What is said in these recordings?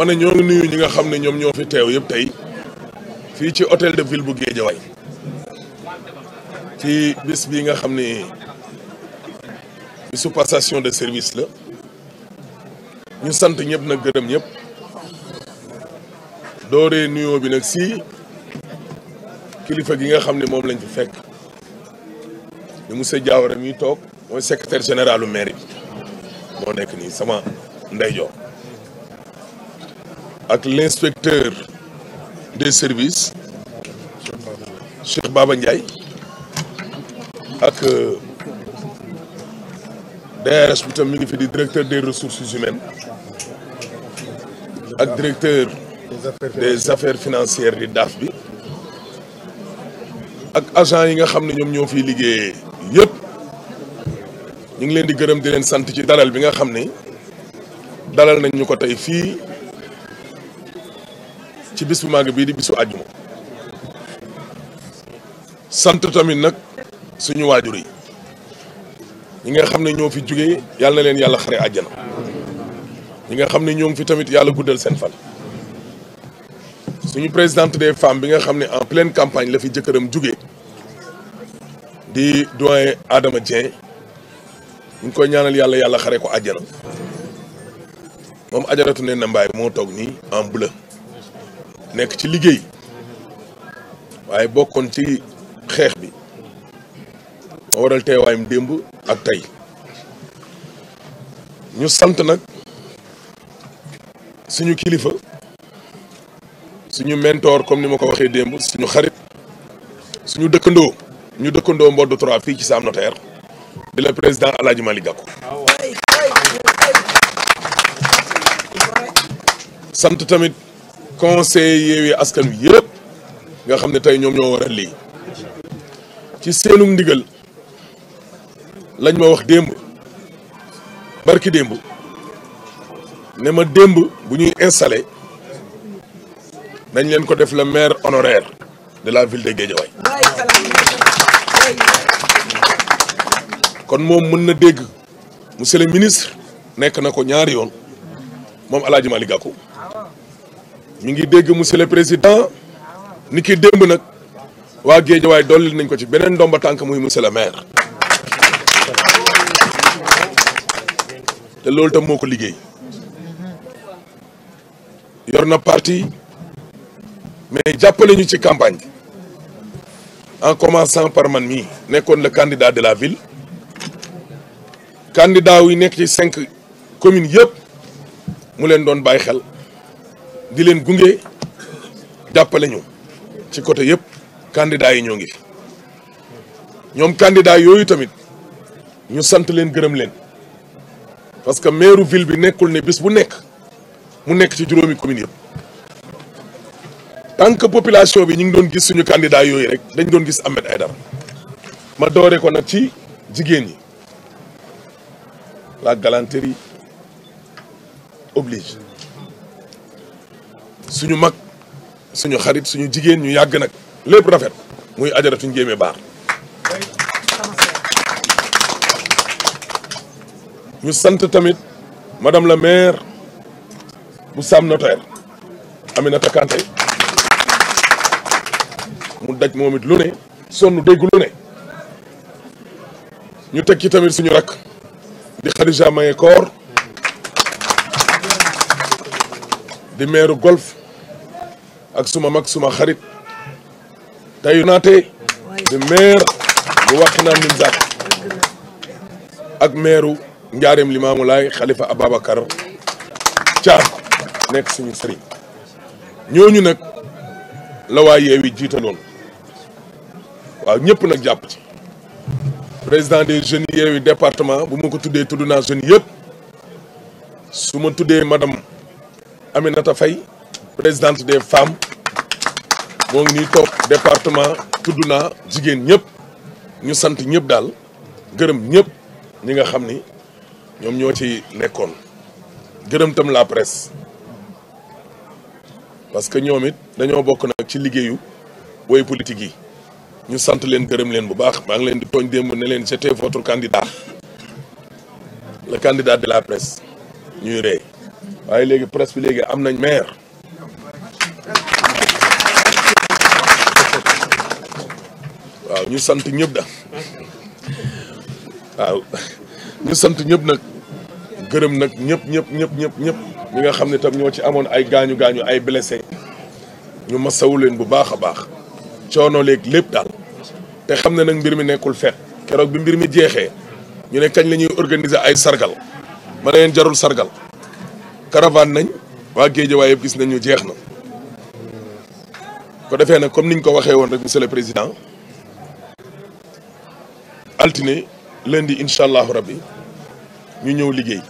ma ne ñoo ngi nuyu ñi nga xam ne ñoom ñoo fi teew yëpp tey fii ci hôtel de ville bu Guédiawaye ci bis bi nga xam ne bisu passation de service la ñu sant ñëpp nag gërëm ñëpp dooree nuyoo bi nag si kilifa gi nga xam ne moom lañ fi fekk di monsieur Diawara mi toog mooy secrétaire général u maire bi moo nekk nii sama ndeyjoo ak l'inspecteur des services Cheikh Baba Ndiaye ak euh, DRS bi tam mi ngi fi di directeur des ressources humaines ak directeur des affaires financières di DAF bi ak agent yi nga xam ne ñoom ñoo fiy liggéeyee yëpp ñu ngi leen di gërëm di leen sant ci dalal bi nga xam ne dalal nañ ñu ko tey fii ci bu màgg bii di bisu àjjuma sant tamit nag suñu waajur yi ñi nga xam ne ñoo fi jóge yàlla leen yàlla xare àjjana ñi nga xam ne ñoo ngi fi tamit yàlla guddal seen fan suñu présidente de femme bi nga xam ne en pleine campagne la fi jëkkëram jóge di doyen Adama Dieng ñu ngi koy ñaanal yàlla yàlla xare ko àjjana moom ajaratu ne na mbaay moo toog nii en bleu nekk ci liggéey waaye bokkoon ci xeex bi moo waral teewaayam démb ak tey ñu sant nag suñu kilifa suñu mentor comme ni ma ko waxee démb suñu xarit suñu dëkkandoo ñu dëkkandoo mbodd 3 fii ci Sam Notaire di la président El Hadj Malick Gakou ah sant tamit conseil Yewwi Askan Wi yëpp nga xam ne tey ñoom ñoo war a lii ci seenu ndigal lañ ma wax démb barki démb ne ma démb bu ñuy installé dañ leen ko def le maire honoraire de la ville de Guédiawaye kon moom mën na dégg monsieur le ministre nekk na ko ñaari yoon moom El Hadj ñu ngi dégg monsieur le président ni ki démb nag waa waaye dolli nañ ko ci beneen ndomba tànk muy monsieur le maire te loolu tam moo ko liggéey yor na parti mais jàppale nañu ci campagne bi en commençant par man mii nekkoon le candidat de la ville candidat yi nekk ci cinq commune yëpp mu leen doon bàyyi xel di leen gunge jàppale ñu ci côté yëpp candidats yi ñoo ngi fi ñoom candidat yooyu tamit ñu sant leen gërëm leen parce que maire ville bi nekkul ne bis bu nekk mu nekk ci juróomi commune yëpp tant que population bi ñu ngi doon gis suñu candidat yooyu rek dañ doon gis Ahmed Aïdara ma doore ko nag ci jigéen ñi la galanterie oblige suñu mag suñu xarit suñu jigéen ñu yàgg nag lépp rafet muy ajaratuñ géemee baax ñu sant tamit madame la maire bu Sam Notaire Aminata Kanté mu daj moom it lu ne sonn dégg lu ne ñu teg ci tamit suñu rakk di Khadija Maye Koor di maire golf ak suma mag suma xarit Tahirou Naté di maire bu Wakhinane Nimzatt ak maireu Njaareem Limaamu Laay Khalifa Ababacar Thiam nekk suñu sëriñ ñooñu nag la waa Yewwi jiitaloon waaw ñëpp nag jàpp ci président des jeunes Yewwi département bu ma ko tuddee tudd naa jeunes yëpp su ma tuddee madame Aminata Faye présidente des femmes moo ngi nii toog département tudd naa jigéen ñëpp ñu sant ñëpp daal gërëm ñëpp ñi nga xam ni ñoom ñoo ci nekkoon gërëm tam la presse parce que ñoom it dañoo bokk nag ci liggéeyu woy politique yi ñu sant leen gërëm leen bu baax maa ngi leen di tooñ démb ne leen j'étais votre candidat le candidat de la presse ñuy rey waaye léegi presse bi léegi am nañ maire ñu sant ñëpp da waaw sant ñëpp nag gërëm nag ñëpp ñëpp ñëpp ñëpp ñëpp ñi nga xam ne tam ñoo ci amoon ay gaañu gaañu ay blessé ñu masawu leen bu baax a baax coono léeg lépp daal te xam ne nag mbir mi nekkul fet keroog bi mbir mi jeexee ñu ne kañ lañuy ñuy organiser ay sargal ma ne leen jarul sargal caravane nañ waa Guédiawaye yëpp gis nañ ñu jeex na ko defee nag comme niñ ko waxee woon rek monsieur le président altine leen lundi incha allahu rabbi ñu ñëw liggéey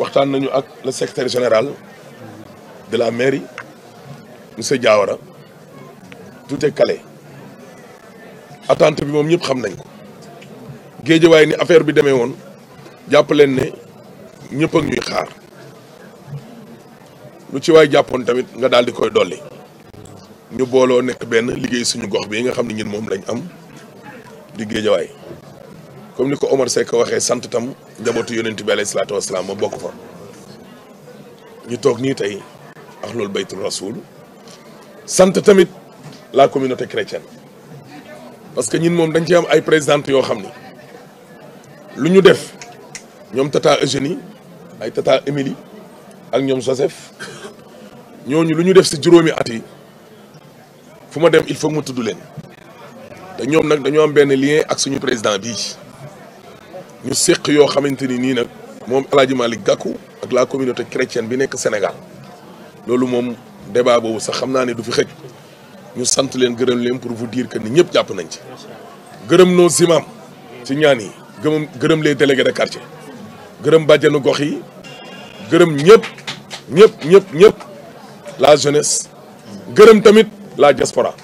waxtaan nañu ak le secretaire général de la mairie monsieur Diawara tout est calé attente bi moom ñëpp xam nañ ko géejawaay ni affaire bi demee woon jàpp leen ne ñëpp ak ñuy xaar lu ci waay jàppoon tamit nga daal di koy dolli ñu booloo nekk benn liggéey suñu gox bi nga xam ne ñun moom lañ am di géejawaay comme ni ko Omar Seck waxee sant tam jabootu yonent bi alayhi salaatu wasalaam ma bokk fa ñu toog nii tey ahlul baytul rasul sant tamit la communauté chrétienne parce que ñun moom dañ ci am ay présidente yoo xam ni lu ñu def ñoom tata Eugénie ay tata Émilie ak ñoom Joseph ñooñu lu ñu def si juróomi at yi fu ma dem il faut mu tudd leen te ñoom nag dañoo am benn lien ak suñu président bi ñu séq yoo xamante ni nii nag moom El Hadj Malick ak la communauté chrétienne bi nekk Sénégal loolu moom débat boobu sax xam naa ne du fi xëj ñu sant leen gërëm leen pour vous diir que ni ñëpp jàpp nañ ci. gërëm nos imam ci ñaan yi gërëm gërëm les délégués de quartier gërëm bàjjenu gox yi gërëm ñëpp ñëpp ñëpp ñëpp la jeunesse gërëm tamit la diaspora.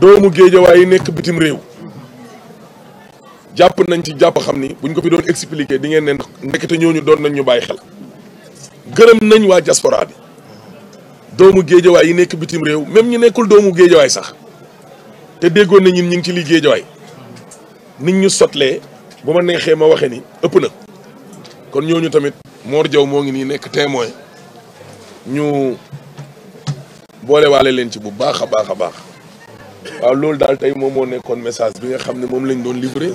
doomu géejawaay yi nekk bitim réew jàpp nañ ci jàpp xam ni buñ ko fi doon expliquer di ngeen ne ndekete ñooñu doon nañ ñu bàyyi xel gërëm nañ waa diaspora bi doomu géejawaay yi nekk bitim réew même ñu nekkul doomu géejawaay sax te déggoon na ñin ñu ngi ci lii géejawaay nit ñu sotlee bu ma neexee ma waxee ni ëpp na kon ñooñu tamit Mor jaw moo ngi nii nekk témoin ñu boolewaale leen ci bu baax a baax a baax waaw loolu daal tey moom moo nekkoon message bi nga xam ne moom lañ doon livré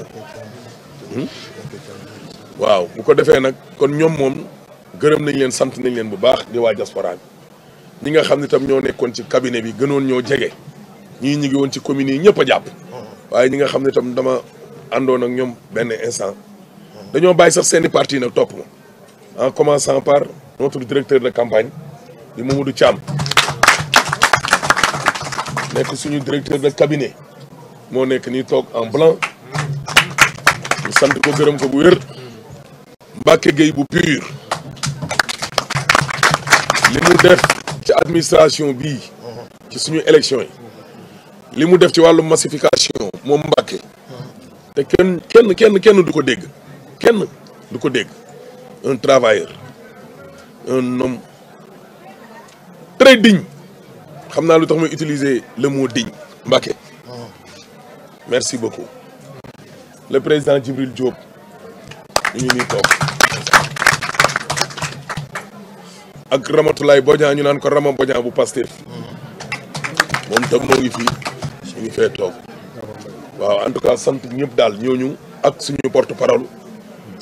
hmm? waaw bu ko defee nag kon ñoom moom gërëm nañ leen sant nañ leen bu baax di waa diaspora bi ñi nga xam ne tam ñoo nekkoon ci cabinet bi gënoon ñoo jege ñii ñu ngi woon ci communes yi ñëpp a jàpp waaye ñi nga xam ne tam dama àndoon ak ñoom benn instant dañoo bàyyi sax seeni parti nag topp ma en commençant par notre directeur de campagne di Mamadou Thiam nekk suñu directeur de cabinet moo nekk nii toog en blanc ñu sant ko gërëm ko bu wér Mbacke Gueye bu pur li mu def ci administration bi ci suñu élection yi li mu def ci wàllu massification moom Mbacke te kenn kenn kenn du ko dégg kenn du ko dégg un travailleur un homme très xam naa lu tax muy utiliser le mot digne Mbacké merci beaucoup le président Djibril Diop ñu ngi nii toog ak Ramatoulaye Bodian ñu naan ko Rama Bodian bu Pastef moom tam moo ngi fii ñu ngi fee toog waaw en tout cas sant ñëpp daal ñooñu ak suñu porte parole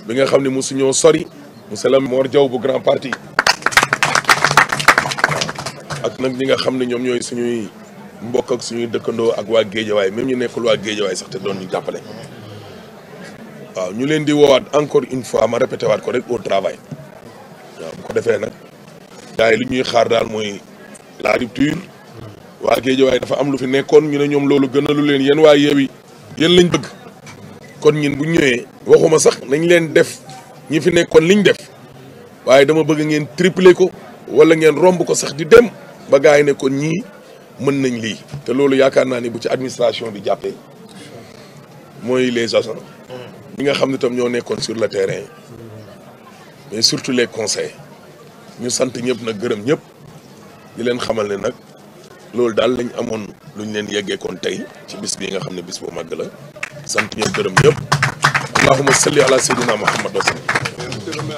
bi nga xam ne mu suñoo sori monsieur le Mor Diaw bu grand parti ak nag ñi nga xam ne ñoom ñooy suñuy mbokk ak suñuy dëkkandoo ak waa géejawaay même ñu nekkul waa géejawaay sax te doon ñu jàppale waaw ñu leen di woowaat encore une fois ma répété waat ko rek au travail waaw bu nag gars li ñuy xaar daal mooy la rupture waa géejawaay dafa am lu fi nekkoon ñu ne ñoom loolu gën lu leen yéen waa yeewi yéen lañ bëgg kon ñin bu ñëwee waxuma sax nañ leen def ñi fi nekkoon liñ def waaye dama bëgg ngeen tripler ko wala ngeen romb ko sax di dem ba gars yi ne kon ñii mën nañ lii te loolu yaakaar naa ni bu ci administration bi jàppee mooy les agents ñi nga xam ne tam ñoo nekkoon sur le terrain mais surtout les conseils ñu sant ñëpp nag gërëm ñëpp di leen xamal ne nag loolu daal lañ amoon lu ñu leen yeggee kon tey ci bis bii nga xam ne bis bu màgg la sant ñëpp gërëm ñëpp allahuma salli ala sayyidina muhammad wa sallam